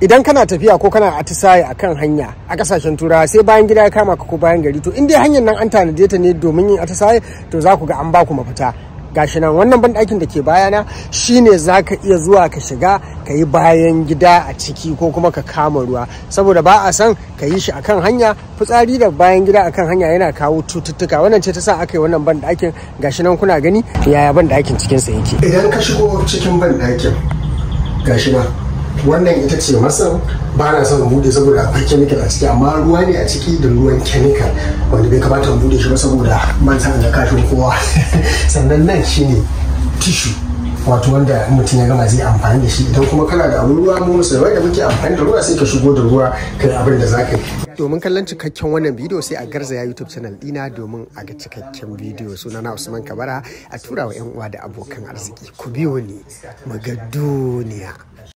idan kana tafiya ko kana atisaye a kan hanya a kasashen turawa sai bayan gida ya kama ka ko bayan gari to in dai hanyar nan an tanade ta ne domin yin atisaye to za ku ga an ba ku mafita gashi nan wannan banɗakin da ke bayana shine za ka iya zuwa ka shiga ka yi bayan gida a ciki ko kuma ka kama ruwa saboda ba a san ka yi shi akan hanya fitsari da bayan gida akan hanya yana kawo cututtuka wannan ce ta sa aka yi wannan banɗakin gashi nan kuna gani yaya banɗakin cikinsa yake idan ka shigo cikin banɗakin gashi nan wannan ita ce masa ba na son bude saboda akwai chemical a ciki amma ruwa ne a ciki da ruwan chemical wanda bai kamata bude shi ba saboda man sa da kashin kowa sannan nan shine tissue wato wanda mutum ya gama zai amfani da shi idan kuma kana da abin ruwa mu musulmai da muke amfani da ruwa sai ka shigo da ruwa kai abin da zaka yi domin kallon cikakken wannan bidiyo sai a garzaya youtube channel dina domin a ga cikakken bidiyo sunana usman kabara a tura wa yan uwa da abokan arziki ku biyo ni duniya.